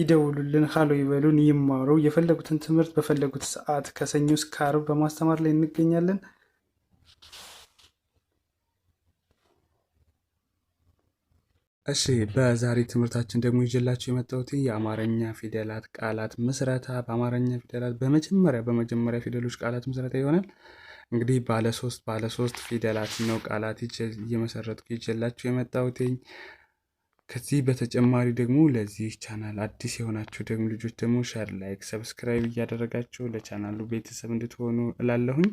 ይደውሉልን፣ ሀሎ ይበሉን፣ ይማሩ። የፈለጉትን ትምህርት በፈለጉት ሰዓት ከሰኞ እስከ ዓርብ በማስተማር ላይ እንገኛለን። እሺ በዛሬ ትምህርታችን ደግሞ ይዤላችሁ የመጣሁት የአማርኛ ፊደላት ቃላት ምስረታ በአማርኛ ፊደላት በመጀመሪያ በመጀመሪያ ፊደሎች ቃላት ምስረታ ይሆናል። እንግዲህ ባለሶስት ባለሶስት ፊደላት ነው ቃላት እየመሰረትኩ ይዤላችሁ የመጣሁት ከዚህ በተጨማሪ ደግሞ ለዚህ ቻናል አዲስ የሆናችሁ ደግሞ ልጆች ደግሞ ሸር፣ ላይክ፣ ሰብስክራይብ እያደረጋችሁ ለቻናሉ ቤተሰብ እንድትሆኑ እላለሁኝ።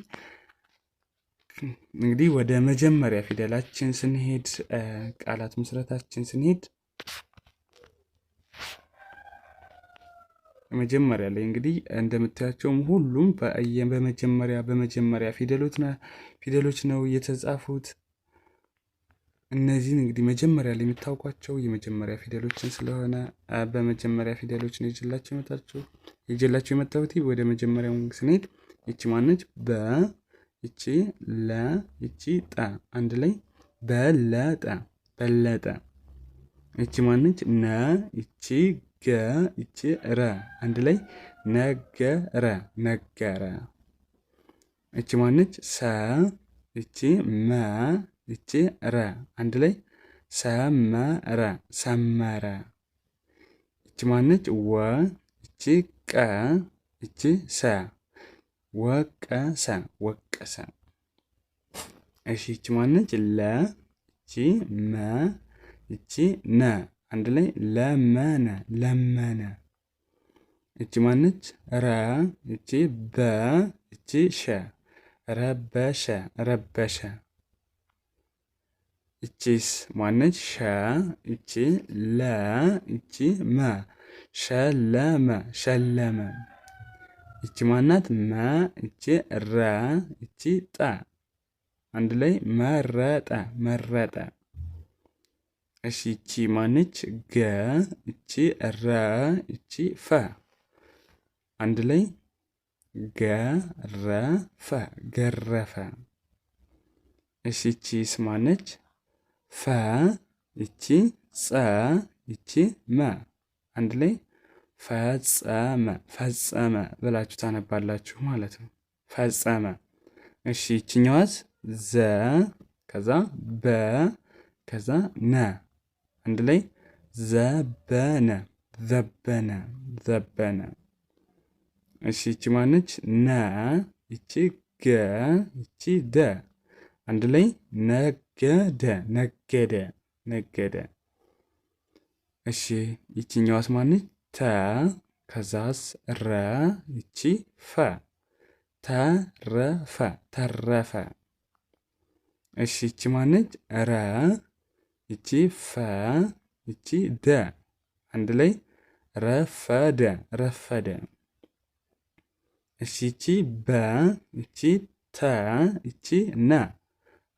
እንግዲህ ወደ መጀመሪያ ፊደላችን ስንሄድ ቃላት ምስረታችን ስንሄድ መጀመሪያ ላይ እንግዲህ እንደምታያቸውም ሁሉም በመጀመሪያ በመጀመሪያ ፊደሎች ነው የተጻፉት። እነዚህን እንግዲህ መጀመሪያ ላይ የምታውቋቸው የመጀመሪያ ፊደሎችን ስለሆነ በመጀመሪያ ፊደሎች ነው ይዤላቸው የመጣቸው ይዤላቸው የመጣሁት። ወደ መጀመሪያው ስንሄድ ይቺ ማነች? በ ይቺ ለ ይቺ ጠ አንድ ላይ በለጠ በለጠ። ይቺ ማነች? ነ ይቺ ገ ይቺ ረ አንድ ላይ ነገረ ነገረ። ይቺ ማነች? ሰ ይቺ መ ይቺ ረ አንድ ላይ ሰመረ ሰመረ። ይቺ ማነች? ወ ይቺ ቀ ይቺ ሰ ወቀሰ ወቀሰ። እሺ ይቺ ማነች? ለ ይቺ መ ይቺ ነ አንድ ላይ ለመነ ለመነ። ይቺ ማነች? ረ ይቺ በ ይቺ ሸ ረበሸ ረበሸ እቺስ ማነች? ሸ እቺ ለ እቺ መ ሸለመ ሸለመ። እቺ ማናት? መ እቺ ረ እቺ ጠ አንድ ላይ መረጠ መረጠ። እሺ እቺ ማነች? ገ እቺ ረ እቺ ፈ አንድ ላይ ገረፈ ገረፈ። እሺ እቺስ ማነች? ፈ ይቺ ጸ ይቺ መ አንድ ላይ ፈጸመ ፈጸመ ብላችሁ ታነባላችሁ ማለት ነው። ፈጸመ። እሺ ይችኛዋስ ዘ ከዛ በ ከዛ ነ አንድ ላይ ዘበነ ዘበነ ዘበነ። እሺ ይቺ ማነች? ነ ይቺ ገ ይቺ ደ አንድ ላይ ነገ ነገደ ነገደ ነገደ። እሺ ይችኛዋስ ማነች? ተ ከዛስ ረ ይቺ ፈ ተረፈ ተረፈ። እሺ ይቺ ማነች? ረ ይቺ ፈ ይቺ ደ አንድ ላይ ረፈደ ረፈደ። እሺ ይቺ በ ይቺ ተ ይቺ ነ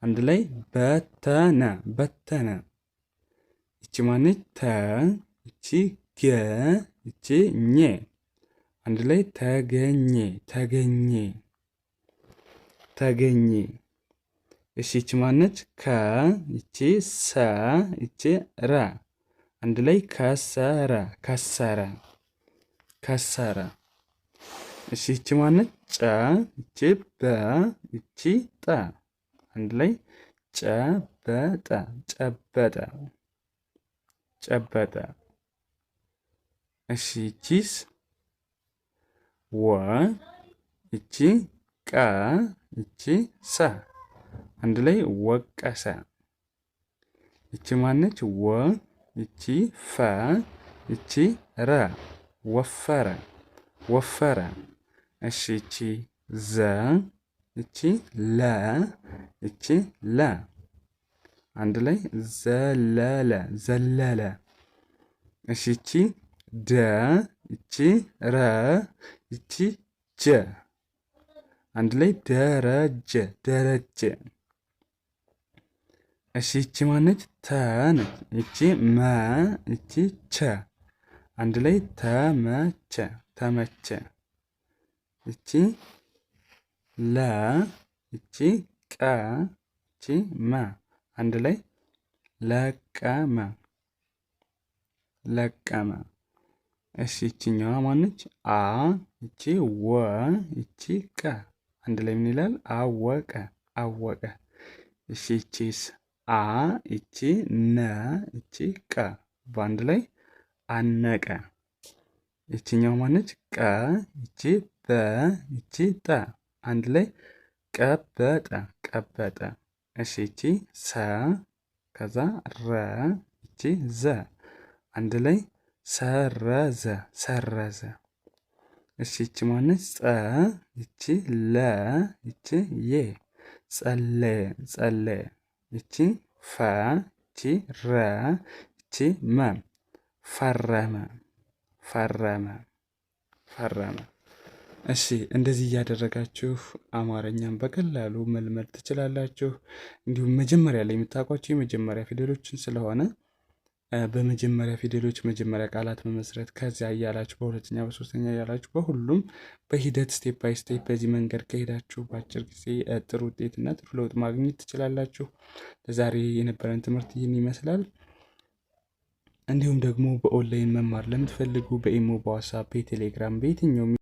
አንድ ላይ በተነ በተነ። እቺ ማነች? ተ እቺ ገ እቺ ኘ አንድ ላይ ተገኘ ተገኘ ተገኘ። እሺ እቺ ማነች? ከ እቺ ሰ እቺ ረ አንድ ላይ ከሰረ ከሰረ ከሰረ። እሺ እቺ ማነች? ጨ እቺ በ እቺ ጠ አንድ ላይ ጨበጠ ጨበጠ ጨበጠ። እሺ ይቺስ ወ ይቺ ቀ ይቺ ሰ አንድ ላይ ወቀሰ። ይቺ ማነች? ወ ይቺ ፈ ይቺ ረ ወፈረ ወፈረ። እሺ ይቺ ዘ እቺ ለ እቺ ለ አንድ ላይ ዘለለ ዘለለ። እሺ እቺ ደ እቺ ረ እቺ ጀ አንድ ላይ ደረጀ ደረጀ። እሺ እቺ ማነች? ተ ነች። እቺ መ እቺ ቸ አንድ ላይ ተመቸ ተመቸ። እቺ ለ እቺ ቀ እቺ መ አንድ ላይ ለቀመ ለቀመ። እሺ እቺኛዋ ማነች? አ እቺ ወ እቺ ቀ አንድ ላይ ምን ይላል? አወቀ አወቀ። እሺ እቺስ? አ እቺ ነ እቺ ቀ በአንድ ላይ አነቀ። እቺኛው ማነች? ቀ እቺ በ እቺ ጠ አንድ ላይ ቀበጠ ቀበጠ። እሺ እቺ ሰ ከዛ ረ እቺ ዘ አንድ ላይ ሰረዘ ሰረዘ። እሺ እቺ ማነች? ጸ እቺ ለ እቺ የ ጸለ ጸለ። እቺ ፈ እቺ ረ እቺ መ ፈረመ ፈረመ ፈረመ እሺ እንደዚህ እያደረጋችሁ አማርኛን በቀላሉ መልመድ ትችላላችሁ። እንዲሁም መጀመሪያ ላይ የምታውቋቸው የመጀመሪያ ፊደሎችን ስለሆነ በመጀመሪያ ፊደሎች መጀመሪያ ቃላት መመስረት ከዚያ እያላችሁ በሁለተኛ በሶስተኛ እያላችሁ በሁሉም በሂደት ስቴፕ ባይ ስቴፕ በዚህ መንገድ ከሄዳችሁ በአጭር ጊዜ ጥሩ ውጤትና ጥሩ ለውጥ ማግኘት ትችላላችሁ። ለዛሬ የነበረን ትምህርት ይህን ይመስላል። እንዲሁም ደግሞ በኦንላይን መማር ለምትፈልጉ በኢሞ፣ በዋትሳፕ፣ በቴሌግራም በየትኛውም